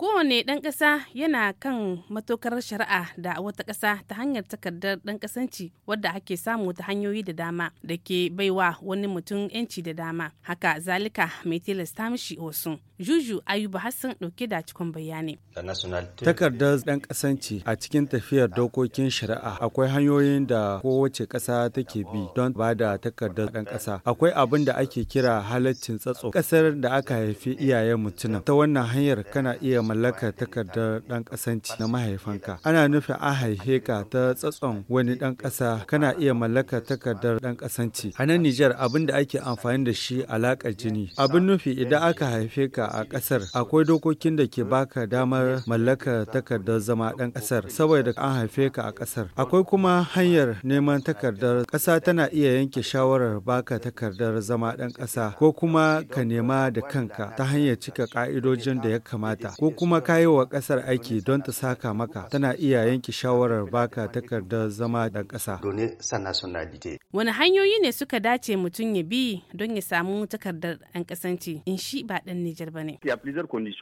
kowane ɗan ƙasa yana kan matokar shari'a da wata ƙasa ta hanyar takardar ɗan ƙasanci wadda ake samu ta hanyoyi da dama da ke baiwa wani mutum 'yanci da dama haka zalika mai tilasta mishi wasu juju ayuba hassan ɗauke da cikin bayani takardar ɗan ƙasanci a cikin tafiyar dokokin shari'a akwai hanyoyin da kowace ƙasa take bi don ba da takardar ɗan ƙasa akwai abin da ake kira halaccin tsatso ƙasar da aka haifi iyayen mutum ta wannan hanyar kana iya mallaka takardar ɗan ƙasanci na mahaifanka. Ana nufin an haife ka ta tsatson wani ɗan ƙasa kana iya mallaka takardar ɗan ƙasanci. A nan Nijar abin da ake amfani da shi alaƙar jini. Abin nufi idan aka haife ka a ƙasar akwai dokokin da ke baka damar mallaka takardar zama ɗan ƙasar saboda an haife ka a ƙasar. Akwai kuma hanyar neman takardar ƙasa tana iya yanke shawarar baka takardar zama ɗan ƙasa ko kuma ka nema da kanka ta hanyar cika ƙa'idojin da ya kamata ko kuma ka yi wa ƙasar aiki don ta saka maka tana iya yanke shawarar baka takardar zama da ƙasa. Wani hanyoyi ne suka dace mutum ya bi don ya samu takardar ɗan ƙasanci in shi ba ɗan Nijar ba ne.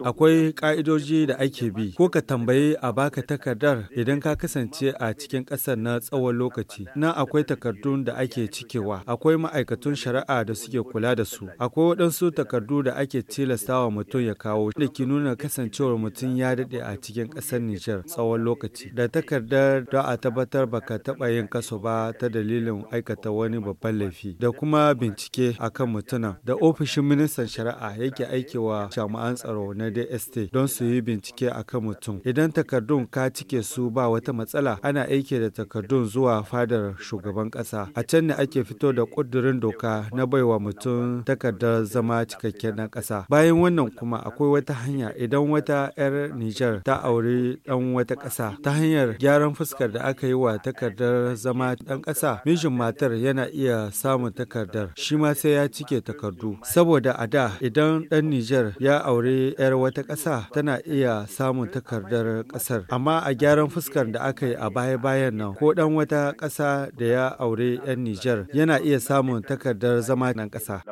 Akwai ƙa'idoji da ake bi ko ka tambayi a baka takardar idan ka kasance a cikin ƙasar na tsawon lokaci. Na akwai takardun da ake cikewa, akwai ma'aikatun shari'a da suke kula da su, akwai waɗansu takardu da ake tilastawa mutum ya kawo da ke nuna kasancewa cewar mutum ya daɗe a cikin ƙasar Nijar tsawon lokaci. Da takardar da a tabbatar baka taɓa yin kaso ba ta dalilin aikata wani babban laifi da kuma bincike akan mutumin da ofishin ministan shari'a yake aikewa jami'an tsaro na DST don su yi bincike akan mutum. Idan takardun ka cike su ba wata matsala ana aiki da takardun zuwa fadar shugaban ƙasa. A can ne ake fito da ƙudurin doka na baiwa mutum takardar zama cikakken na ƙasa. Bayan wannan kuma akwai wata hanya idan wata 'yar Nijar ta auri ɗan wata ƙasa ta hanyar gyaran fuskar da aka yi wa takardar zama ɗan ƙasa mijin matar yana iya samun takardar shi ma sai ya cike takardu saboda a da idan ɗan Nijar ya aure 'yar wata ƙasa tana iya samun takardar ƙasar amma a gyaran fuskar da aka yi a baya-bayan nan ko ɗan wata ƙasa da ya aure 'yan Nijar yana iya samun takardar zama ɗan ƙasa.